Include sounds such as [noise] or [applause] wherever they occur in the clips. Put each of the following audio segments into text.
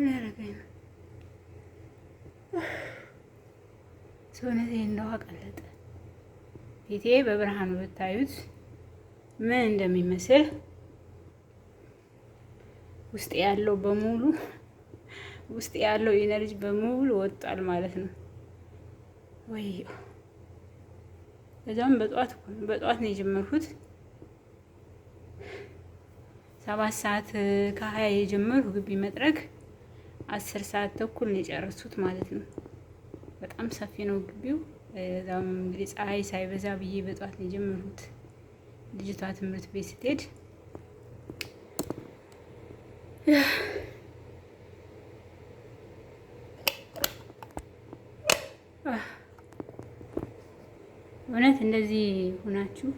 ምን ያደርገኝ ነው? ሰውነቴ እንደዋ ቀለጠ። ፊቴ በብርሃኑ ብታዩት ምን እንደሚመስል ውስጥ ያለው በሙሉ ውስጥ ያለው ኢነርጂ በሙሉ ወጧል ማለት ነው። ወይ እዛም በጠዋት በጠዋት ነው የጀመርኩት። ሰባት ሰዓት ከሀያ የጀመርኩ ግቢ መጥረግ አስር ሰዓት ተኩል ነው የጨረሱት ማለት ነው። በጣም ሰፊ ነው ግቢው። በጣም እንግዲህ ፀሐይ ሳይበዛ ብዬ በጧት የጀመሩት። ልጅቷ ትምህርት ቤት ስትሄድ እውነት እንደዚህ ሆናችሁ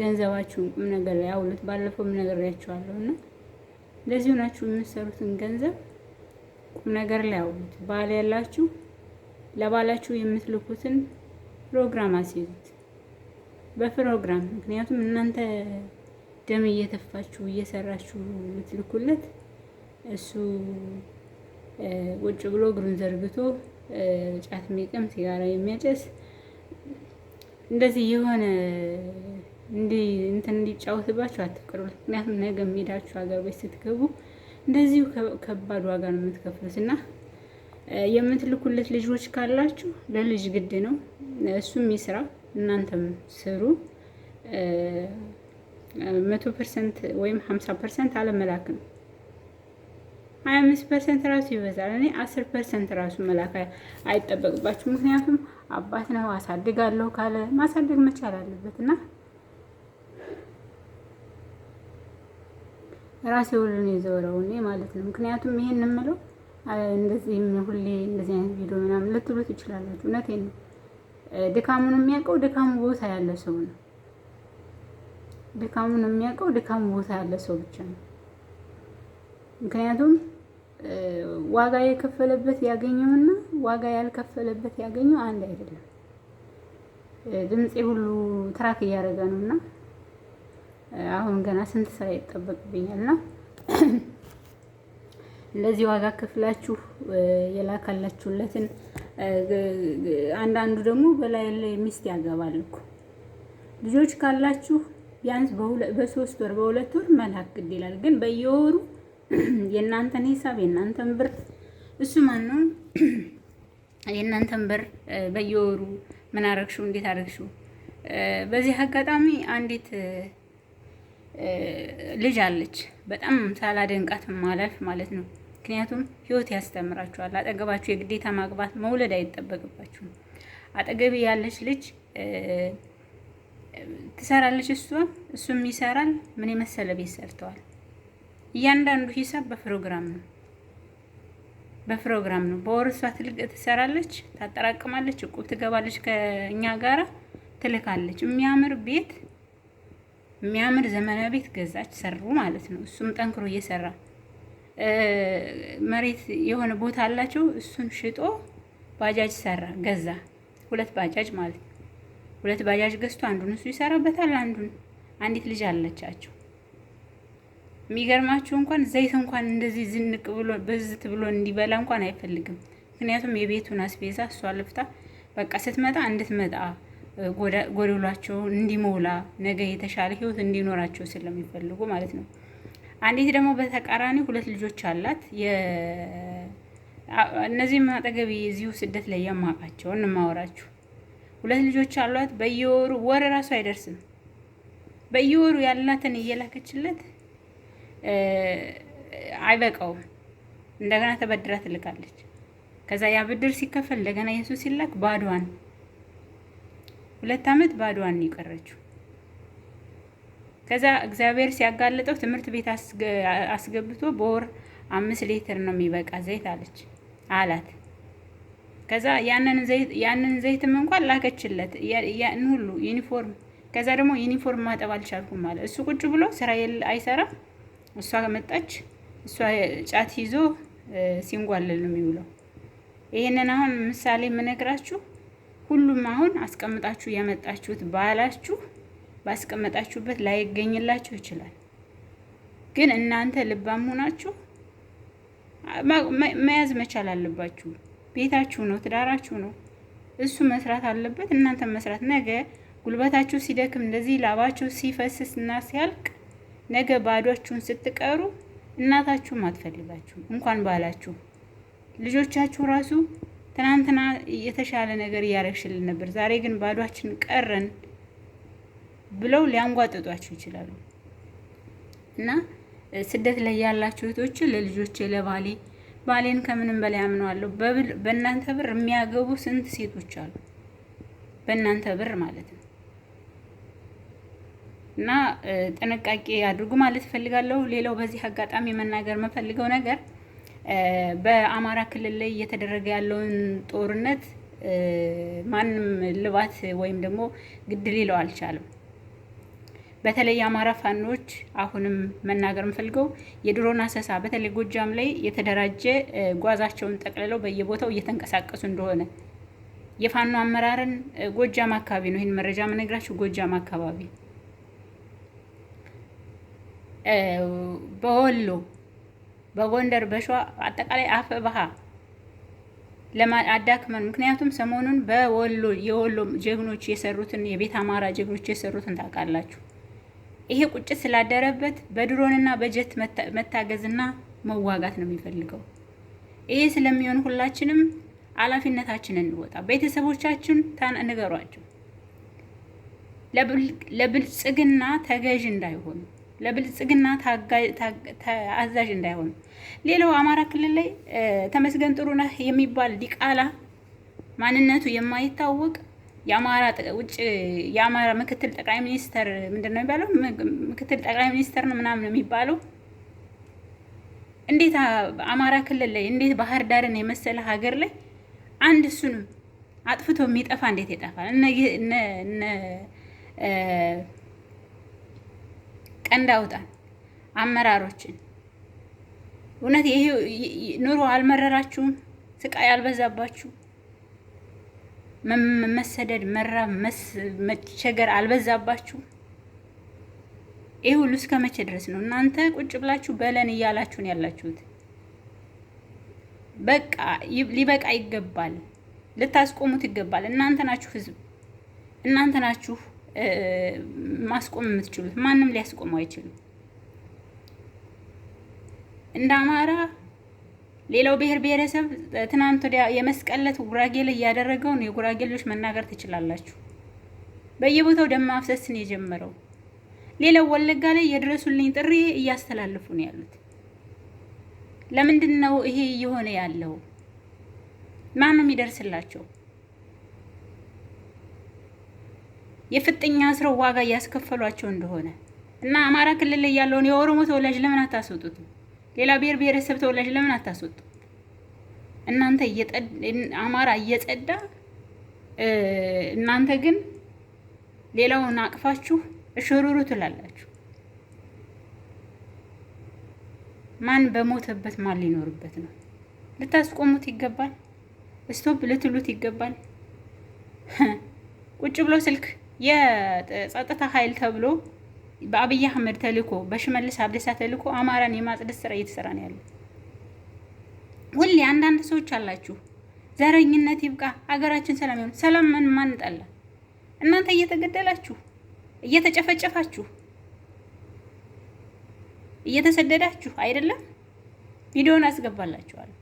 ገንዘባችሁን ቁም ነገር ላይ አውሉት። ባለፈው ነገር ያችኋለሁ እና እንደዚህ ሆናችሁ የምትሰሩትን ገንዘብ ቁም ነገር ላይ አውሉት። ባል ያላችሁ ለባላችሁ የምትልኩትን ፕሮግራም አስይዙት በፕሮግራም ምክንያቱም እናንተ ደም እየተፋችሁ እየሰራችሁ የምትልኩለት እሱ ውጭ ብሎ እግሩን ዘርግቶ ጫት የሚቅም ሲጋራ የሚያጨስ እንደዚህ የሆነ እንዲ እንትን እንዲጫወትባችሁ አትፍቀዱለት። ምክንያቱም ነገ ሄዳችሁ ሀገር ቤት ስትገቡ እንደዚሁ ከባድ ዋጋ ነው የምትከፍሉት እና የምትልኩለት ልጆች ካላችሁ ለልጅ ግድ ነው። እሱም ይስራ፣ እናንተም ስሩ። መቶ ፐርሰንት ወይም ሀምሳ ፐርሰንት አለመላክ ነው። ሀያ አምስት ፐርሰንት ራሱ ይበዛል። እኔ አስር ፐርሰንት ራሱ መላክ አይጠበቅባችሁ። ምክንያቱም አባት ነው አሳድጋለሁ ካለ ማሳደግ መቻል አለበት እና ራሴ ሁሉ ነው የዘወረው እኔ ማለት ነው። ምክንያቱም ይሄን የምለው እንደዚህም ሁሌ እንደዚህ አይነት ቪዲዮ ምናምን ልትሉት ይችላላችሁ። እውነቴን ነው። ድካሙን የሚያውቀው ድካሙ ቦታ ያለ ሰው ነው። ድካሙን የሚያውቀው ድካሙ ቦታ ያለ ሰው ብቻ ነው። ምክንያቱም ዋጋ የከፈለበት ያገኘውና ዋጋ ያልከፈለበት ያገኘው አንድ አይደለም። ድምፄ ሁሉ ትራክ እያደረገ ነውና አሁን ገና ስንት ስራ ይጠበቅብኛል እና እንደዚህ ዋጋ ከፍላችሁ የላካላችሁለትን አንዳንዱ ደግሞ በላይ ላይ ሚስት ያገባል እኮ ልጆች ካላችሁ ቢያንስ በሶስት ወር በሁለት ወር መላክ ግድ ይላል። ግን በየወሩ የእናንተን ሂሳብ የእናንተን ብር እሱ ማን ነው የእናንተን ብር በየወሩ ምን አረግሽው፣ እንዴት አረግሽው። በዚህ አጋጣሚ አንዲት ልጅ አለች። በጣም ሳላደንቃት ማላልፍ ማለት ነው። ምክንያቱም ህይወት ያስተምራችኋል። አጠገባችሁ የግዴታ ማግባት መውለድ አይጠበቅባችሁም። አጠገቢ ያለች ልጅ ትሰራለች፣ እሷ እሱም ይሰራል። ምን የመሰለ ቤት ሰርተዋል። እያንዳንዱ ሂሳብ በፕሮግራም ነው በፕሮግራም ነው። በወር እሷ ትልቅ ትሰራለች፣ ታጠራቅማለች፣ እቁብ ትገባለች፣ ከእኛ ጋራ ትልካለች። የሚያምር ቤት የሚያምር ዘመናዊ ቤት ገዛች ሰሩ ማለት ነው። እሱም ጠንክሮ እየሰራ መሬት የሆነ ቦታ አላቸው። እሱን ሽጦ ባጃጅ ሰራ ገዛ፣ ሁለት ባጃጅ ማለት ነው። ሁለት ባጃጅ ገዝቶ አንዱን እሱ ይሰራበታል፣ አንዱን አንዲት ልጅ አለቻቸው። የሚገርማችሁ እንኳን ዘይት እንኳን እንደዚህ ዝንቅ ብሎ በዝት ብሎ እንዲበላ እንኳን አይፈልግም። ምክንያቱም የቤቱን አስቤዛ እሷ ልፍታ በቃ ስትመጣ እንድትመጣ ጎደሏቸው እንዲሞላ ነገ የተሻለ ህይወት እንዲኖራቸው ስለሚፈልጉ ማለት ነው። አንዲት ደግሞ በተቃራኒ ሁለት ልጆች አላት። እነዚህም አጠገቤ የዚሁ ስደት ላይ የማውቃቸው እንማወራችሁ ሁለት ልጆች አሏት። በየወሩ ወር ራሱ አይደርስም። በየወሩ ያላትን እየላከችለት አይበቃውም። እንደገና ተበድራ ትልካለች። ከዛ ያ ብድር ሲከፈል እንደገና የሱ ሲላክ ባዷን ሁለት ዓመት ባዷን ነው የቀረችው። ከዛ እግዚአብሔር ሲያጋለጠው ትምህርት ቤት አስገብቶ በወር አምስት ሊትር ነው የሚበቃ ዘይት አለች አላት። ከዛ ያንን ዘይትም እንኳን ላከችለት ያን ሁሉ ዩኒፎርም። ከዛ ደግሞ ዩኒፎርም ማጠብ አልቻልኩም ማለት እሱ ቁጭ ብሎ ስራ አይሰራም። እሷ መጣች፣ እሷ ጫት ይዞ ሲንጓልል ነው የሚውለው። ይህንን አሁን ምሳሌ የምነግራችሁ ሁሉም አሁን አስቀምጣችሁ ያመጣችሁት ባላችሁ ባስቀመጣችሁበት ላይገኝላችሁ ይችላል። ግን እናንተ ልባም ሆናችሁ መያዝ መቻል አለባችሁ። ቤታችሁ ነው፣ ትዳራችሁ ነው። እሱ መስራት አለበት፣ እናንተ መስራት። ነገ ጉልበታችሁ ሲደክም እንደዚህ ላባችሁ ሲፈስስ እና ሲያልቅ ነገ ባዷችሁን ስትቀሩ እናታችሁም አትፈልጋችሁ እንኳን ባላችሁ ልጆቻችሁ ራሱ ትናንትና የተሻለ ነገር እያረግሽልን ነበር፣ ዛሬ ግን ባዷችን ቀረን ብለው ሊያንጓጥጧችሁ ይችላሉ። እና ስደት ላይ ያላችሁ እህቶች ለልጆቼ፣ ለባሌ ባሌን ከምንም በላይ አምነዋለሁ። በእናንተ ብር የሚያገቡ ስንት ሴቶች አሉ፣ በእናንተ ብር ማለት ነው። እና ጥንቃቄ አድርጉ ማለት እፈልጋለሁ። ሌላው በዚህ አጋጣሚ መናገር የምፈልገው ነገር በአማራ ክልል ላይ እየተደረገ ያለውን ጦርነት ማንም ልባት ወይም ደግሞ ግድ ሊለው አልቻለም። በተለይ የአማራ ፋኖች አሁንም መናገር ምፈልገው የድሮን አሰሳ በተለይ ጎጃም ላይ የተደራጀ ጓዛቸውን ጠቅልለው በየቦታው እየተንቀሳቀሱ እንደሆነ የፋኖ አመራርን ጎጃም አካባቢ ነው ይህን መረጃ የምነግራችሁ። ጎጃም አካባቢ በወሎ በጎንደር በሸዋ አጠቃላይ አፈባሃ አዳክመን። ምክንያቱም ሰሞኑን በወሎ የወሎ ጀግኖች የሰሩትን የቤት አማራ ጀግኖች የሰሩትን ታውቃላችሁ። ይሄ ቁጭት ስላደረበት በድሮንና በጀት መታገዝና መዋጋት ነው የሚፈልገው። ይሄ ስለሚሆን ሁላችንም ኃላፊነታችንን እንወጣ። ቤተሰቦቻችን ንገሯቸው፣ ለብልጽግና ተገዥ እንዳይሆኑ ለብልጽግና ታዛዥ እንዳይሆኑ። ሌላው አማራ ክልል ላይ ተመስገን ጥሩነህ የሚባል ዲቃላ ማንነቱ የማይታወቅ የአማራ ውጭ የአማራ ምክትል ጠቅላይ ሚኒስተር ምንድን ነው የሚባለው? ምክትል ጠቅላይ ሚኒስተር ነው ምናምን የሚባለው። እንዴት አማራ ክልል ላይ እንዴት ባህር ዳርን የመሰለ ሀገር ላይ አንድ እሱንም አጥፍቶ የሚጠፋ እንዴት ይጠፋል? ቀንድ አውጣን አመራሮችን። እውነት ይሄ ኑሮ አልመረራችሁም? ስቃይ አልበዛባችሁ? መሰደድ፣ መራብ፣ መቸገር አልበዛባችሁ? ይህ ሁሉ እስከ መቼ ድረስ ነው እናንተ ቁጭ ብላችሁ በለን እያላችሁን ያላችሁት? በቃ ሊበቃ ይገባል። ልታስቆሙት ይገባል። እናንተ ናችሁ ህዝብ፣ እናንተ ናችሁ ማስቆም የምትችሉት ማንም ሊያስቆመው አይችልም። እንደ አማራ ሌላው ብሔር ብሔረሰብ ትናንት ወዲያ የመስቀለት ጉራጌ ላይ ያደረገውን የጉራጌ ልጆች መናገር ትችላላችሁ። በየቦታው ደም ማፍሰስን የጀመረው ሌላው ወለጋ ላይ የድረሱልኝ ጥሪ እያስተላለፉ ነው ያሉት። ለምንድን ነው ይሄ እየሆነ ያለው? ማንም ይደርስላቸው? የፍጥኛ ስረው ዋጋ እያስከፈሏቸው እንደሆነ እና አማራ ክልል ላይ ያለውን የኦሮሞ ተወላጅ ለምን አታስወጡት? ሌላ ብሔር ብሔረሰብ ተወላጅ ለምን አታስወጡ? እናንተ አማራ እየጸዳ እናንተ ግን ሌላውን አቅፋችሁ እሽሩሩ ትላላችሁ። ማን በሞተበት ማን ሊኖርበት ነው? ልታስቆሙት ይገባል። ስቶፕ ልትሉት ይገባል። ቁጭ ብሎ ስልክ የጸጥታ ኃይል ተብሎ በአብይ አህመድ ተልኮ በሽመልስ አብደሳ ተልኮ አማራን የማጽደስ ስራ እየተሰራ ነው ያለው። ሁሌ አንዳንድ ሰዎች አላችሁ ዘረኝነት ይብቃ፣ አገራችን ሰላም ይሁን። ሰላም ምን ማን ጠላ? እናንተ እየተገደላችሁ እየተጨፈጨፋችሁ እየተሰደዳችሁ አይደለም። ቪዲዮን አስገባላችኋል።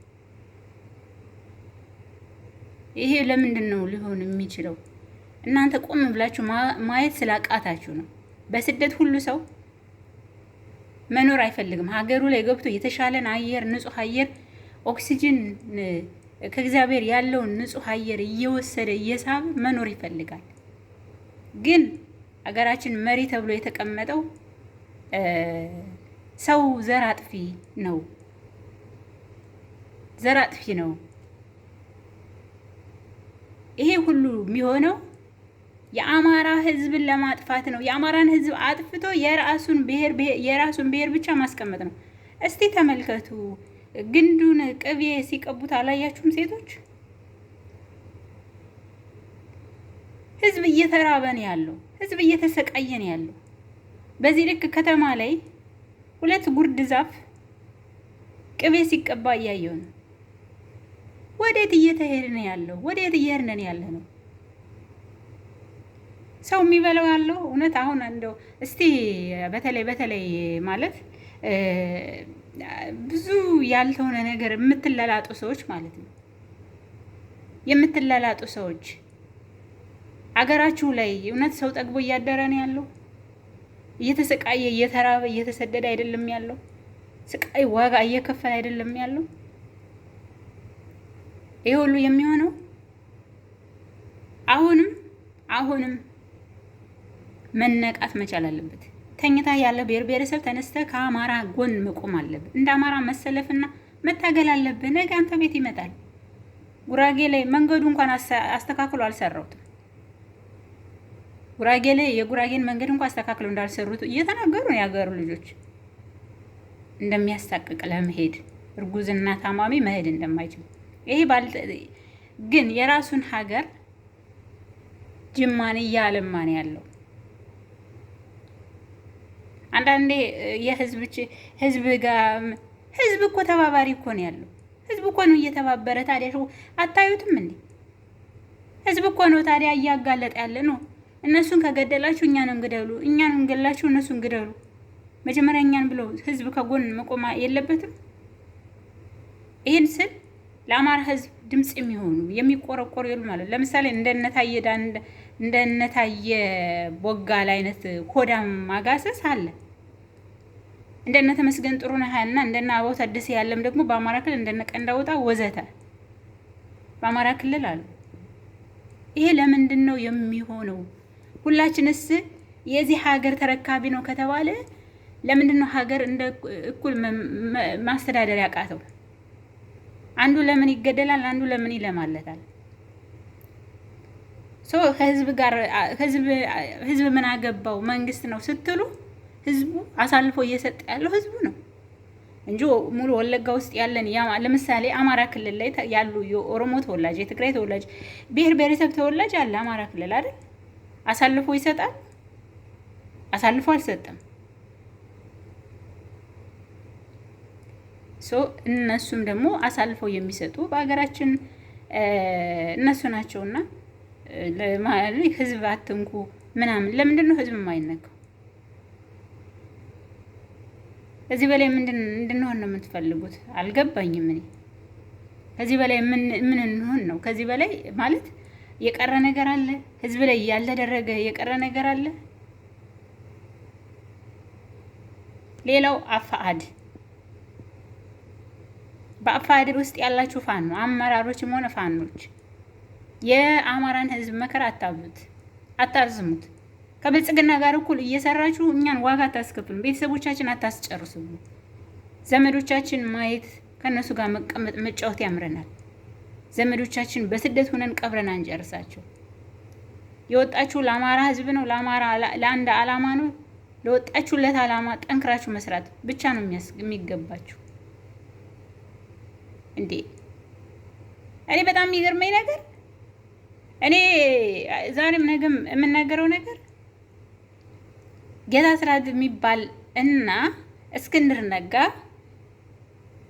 ይሄ ለምንድን ነው ሊሆን የሚችለው? እናንተ ቆም ብላችሁ ማየት ስላቃታችሁ ነው። በስደት ሁሉ ሰው መኖር አይፈልግም። ሀገሩ ላይ ገብቶ የተሻለን አየር፣ ንጹህ አየር፣ ኦክሲጅን ከእግዚአብሔር ያለውን ንጹህ አየር እየወሰደ እየሳበ መኖር ይፈልጋል። ግን ሀገራችን መሪ ተብሎ የተቀመጠው ሰው ዘር አጥፊ ነው፣ ዘር አጥፊ ነው። ይሄ ሁሉ የሚሆነው የአማራ ህዝብን ለማጥፋት ነው። የአማራን ህዝብ አጥፍቶ የራሱን ብሄር የራሱን ብሄር ብቻ ማስቀመጥ ነው። እስቲ ተመልከቱ፣ ግንዱን ቅቤ ሲቀቡት አላያችሁም? ሴቶች ህዝብ እየተራበን ያለው ህዝብ እየተሰቃየን ያለው በዚህ ልክ ከተማ ላይ ሁለት ጉርድ ዛፍ ቅቤ ሲቀባ እያየው ነው። ወዴት እየተሄድን ያለው? ወዴት እየሄድን ያለ ነው? ሰው የሚበላው ያለው እውነት አሁን እንደው እስቲ በተለይ በተለይ ማለት ብዙ ያልተሆነ ነገር የምትለላጡ ሰዎች ማለት ነው የምትለላጡ ሰዎች አገራችሁ ላይ እውነት ሰው ጠግቦ እያደረ ነው ያለው? እየተሰቃየ እየተራበ እየተሰደደ አይደለም ያለው? ስቃይ ዋጋ እየከፈለ አይደለም ያለው? ይህ ሁሉ የሚሆነው አሁንም አሁንም መነቃት መቻል አለበት። ተኝታ ያለ ብሔር ብሔረሰብ ተነስተ ከአማራ ጎን መቆም አለብን። እንደ አማራ መሰለፍና መታገል አለብህ። ነገ አንተ ቤት ይመጣል። ጉራጌ ላይ መንገዱ እንኳን አስተካክሎ አልሰራውትም። ጉራጌ ላይ የጉራጌን መንገድ እንኳን አስተካክሎ እንዳልሰሩት እየተናገሩ ነው የሀገሩ ልጆች። እንደሚያስታቅቅ ለመሄድ እርጉዝና ታማሚ መሄድ እንደማይችል ይሄ ግን የራሱን ሀገር ጅማን እያለማን ያለው። አንዳንዴ የህዝብ ህዝብ ጋር ህዝብ እኮ ተባባሪ እኮ ነው ያለው። ህዝብ እኮ ነው እየተባበረ። ታዲያ አታዩትም እንዴ? ህዝብ እኮ ነው ታዲያ እያጋለጠ ያለ ነው። እነሱን ከገደላችሁ እኛንም ግደሉ፣ እኛንም ገላችሁ እነሱን ግደሉ። መጀመሪያ እኛን ብለው ህዝብ ከጎን መቆም የለበትም። ይህን ስል ለአማራ ህዝብ ድምፅ የሚሆኑ የሚቆረቆሩ የሉ ማለት ለምሳሌ እንደነታየ ቦጋል አይነት ኮዳም ማጋሰስ አለ። እንደነ ተመስገን ጥሩነህና እንደነ አበባው ታደሰ ያለም ደግሞ በአማራ ክልል እንደነ ቀንዳውጣ ወዘተ በአማራ ክልል አሉ። ይሄ ለምንድን ነው የሚሆነው? ሁላችንስ የዚህ ሀገር ተረካቢ ነው ከተባለ ለምንድን ነው ሀገር እንደ እኩል ማስተዳደር ያቃተው? አንዱ ለምን ይገደላል? አንዱ ለምን ይለማለታል? ከህዝብ ጋር ህዝብ ምን አገባው መንግስት ነው ስትሉ ህዝቡ አሳልፎ እየሰጠ ያለው ህዝቡ ነው እንጂ ሙሉ ወለጋ ውስጥ ያለን ለምሳሌ አማራ ክልል ላይ ያሉ የኦሮሞ ተወላጅ፣ የትግራይ ተወላጅ፣ ብሔር ብሔረሰብ ተወላጅ አለ አማራ ክልል አይደል? አሳልፎ ይሰጣል? አሳልፎ አልሰጠም። ሶ እነሱም ደግሞ አሳልፈው የሚሰጡ በሀገራችን እነሱ ናቸውና ህዝብ አትንኩ ምናምን ለምንድን ነው ህዝብ የማይነካው? ከዚህ በላይ ምንድን እንድንሆን ነው የምትፈልጉት? አልገባኝም። እኔ ከዚህ በላይ ምን እንሆን ነው? ከዚህ በላይ ማለት የቀረ ነገር አለ? ህዝብ ላይ ያልተደረገ የቀረ ነገር አለ? ሌላው አፋአድ በአፋአድ ውስጥ ያላችሁ ፋኖ አመራሮችም ሆነ ፋኖች የአማራን ህዝብ መከራ አታብዙት፣ አታርዝሙት። ከብልጽግና ጋር እኩል እየሰራችሁ እኛን ዋጋ አታስከፍሉም፣ ቤተሰቦቻችን አታስጨርሱም። ዘመዶቻችን ማየት ከእነሱ ጋር መቀመጥ መጫወት ያምረናል። ዘመዶቻችን በስደት ሆነን ቀብረን አንጨርሳቸው። የወጣችሁ ለአማራ ህዝብ ነው፣ ለአማራ ለአንድ አላማ ነው። ለወጣችሁለት አላማ ጠንክራችሁ መስራት ብቻ ነው የሚገባችሁ። እንዴ እኔ በጣም የሚገርመኝ ነገር እኔ ዛሬም ነገም የምናገረው ነገር ጌታ ስራት የሚባል እና እስክንድር ነጋ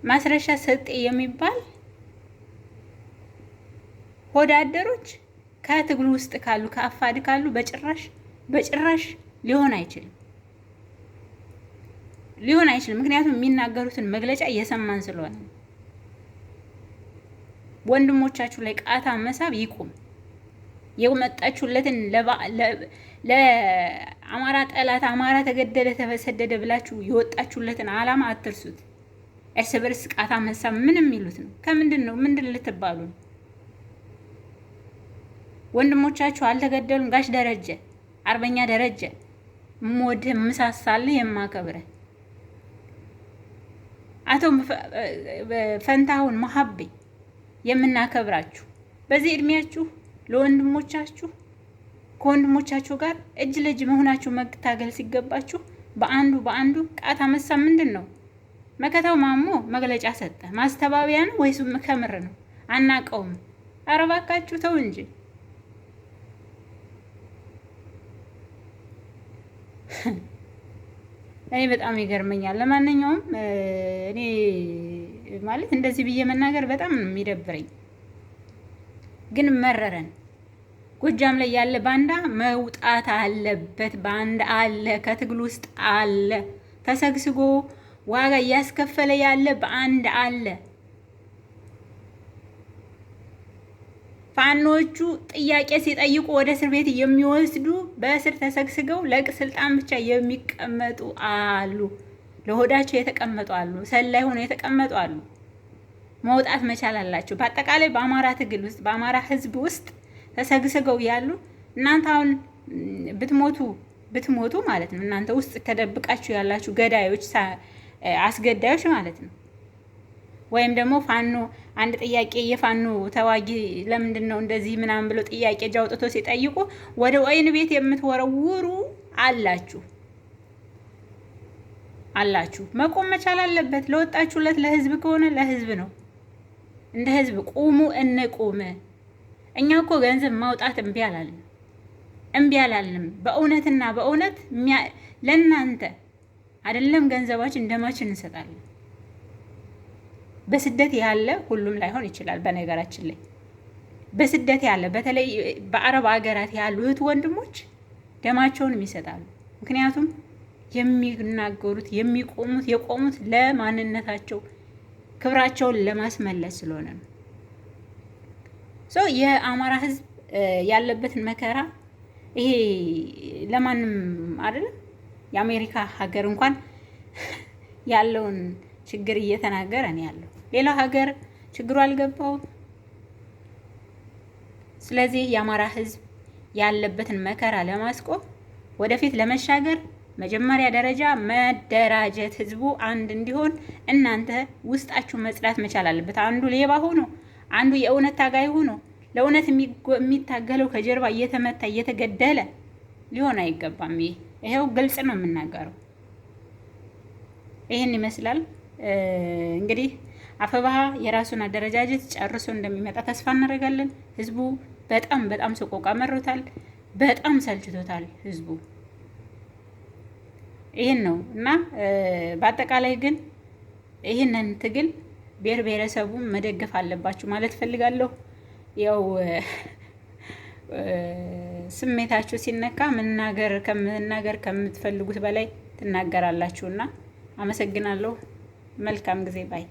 ማስረሻ ሰጤ የሚባል ሆዳደሮች ከትግሉ ውስጥ ካሉ ከአፋድ ካሉ በጭራሽ በጭራሽ ሊሆን አይችልም ሊሆን አይችልም። ምክንያቱም የሚናገሩትን መግለጫ እየሰማን ስለሆነ ወንድሞቻችሁ ላይ ቃታ መሳብ ይቁም። የመጣችሁለትን ለአማራ ጠላት አማራ ተገደለ ተሰደደ ብላችሁ የወጣችሁለትን አላማ አትርሱት። እርስ በርስ ቃታ መሳብ ምን የሚሉት ነው? ከምንድን ነው ምንድን ልትባሉ ነው? ወንድሞቻችሁ አልተገደሉም። ጋሽ ደረጀ አርበኛ ደረጀ ሞድ ምሳሳልህ የማከብረ? አቶ ፈንታሁን መሀቤ የምናከብራችሁ በዚህ እድሜያችሁ ለወንድሞቻችሁ ከወንድሞቻችሁ ጋር እጅ ለእጅ መሆናችሁ መታገል ሲገባችሁ በአንዱ በአንዱ ቃታ መሳ ምንድን ነው? መከታው ማሞ መግለጫ ሰጠ። ማስተባበያ ነው ወይስ ከምር ነው? አናቀውም። ኧረ እባካችሁ ተው እንጂ። እኔ በጣም ይገርመኛል። ለማንኛውም እኔ ማለት እንደዚህ ብዬ መናገር በጣም የሚደብረኝ ግን መረረን። ጎጃም ላይ ያለ ባንዳ መውጣት አለበት። ባንዳ አለ፣ ከትግል ውስጥ አለ፣ ተሰግስጎ ዋጋ እያስከፈለ ያለ በአንድ አለ። ፋኖቹ ጥያቄ ሲጠይቁ ወደ እስር ቤት የሚወስዱ በእስር ተሰግስገው ለቅ ስልጣን ብቻ የሚቀመጡ አሉ። ለሆዳቸው የተቀመጡ አሉ። ሰላይ ሆነው የተቀመጡ አሉ። መውጣት መቻል አላቸው። በአጠቃላይ በአማራ ትግል ውስጥ በአማራ ህዝብ ውስጥ ተሰግስገው ያሉ እናንተ አሁን ብትሞቱ ብትሞቱ ማለት ነው እናንተ ውስጥ ተደብቃችሁ ያላችሁ ገዳዮች፣ አስገዳዮች ማለት ነው። ወይም ደግሞ ፋኖ አንድ ጥያቄ የፋኖ ተዋጊ ለምንድን ነው እንደዚህ ምናምን ብሎ ጥያቄ ጃውጥቶ ሲጠይቁ ወደ ወይን ቤት የምትወረውሩ አላችሁ አላችሁ መቆም መቻል አለበት። ለወጣችሁለት ለህዝብ ከሆነ ለህዝብ ነው። እንደ ህዝብ ቁሙ፣ እንቁም። እኛ እኮ ገንዘብ ማውጣት እምቢ አላልንም፣ እምቢ አላልንም። በእውነትና በእውነት ለእናንተ አይደለም ገንዘባችን፣ ደማችን እንሰጣለን። በስደት ያለ ሁሉም ላይሆን ይችላል። በነገራችን ላይ በስደት ያለ በተለይ በአረብ ሀገራት ያሉ እህት ወንድሞች ደማቸውንም ይሰጣሉ። ምክንያቱም የሚናገሩት የሚቆሙት የቆሙት ለማንነታቸው ክብራቸውን ለማስመለስ ስለሆነ ነው። የአማራ ህዝብ ያለበትን መከራ ይሄ ለማንም አይደለም። የአሜሪካ ሀገር እንኳን [laughs] ያለውን ችግር እየተናገረ ነው ያለው። ሌላው ሀገር ችግሩ አልገባውም። ስለዚህ የአማራ ህዝብ ያለበትን መከራ ለማስቆም ወደፊት ለመሻገር መጀመሪያ ደረጃ መደራጀት፣ ህዝቡ አንድ እንዲሆን እናንተ ውስጣችሁ መጽዳት መቻል አለበት። አንዱ ሌባ ሆኖ አንዱ የእውነት ታጋይ ሆኖ ለእውነት የሚታገለው ከጀርባ እየተመታ እየተገደለ ሊሆን አይገባም። ይሄ ይሄው ግልጽ ነው የምናገረው። ይህን ይመስላል እንግዲህ አፈባ የራሱን አደረጃጀት ጨርሶ እንደሚመጣ ተስፋ እናደርጋለን። ህዝቡ በጣም በጣም ሰቆቃ መሮታል። በጣም ሰልችቶታል ህዝቡ። ይህን ነው እና በአጠቃላይ ግን ይህንን ትግል ብሔር ብሔረሰቡን መደገፍ አለባችሁ ማለት ፈልጋለሁ። ያው ስሜታችሁ ሲነካ መናገር ከመናገር ከምትፈልጉት በላይ ትናገራላችሁ እና አመሰግናለሁ። መልካም ጊዜ ባይ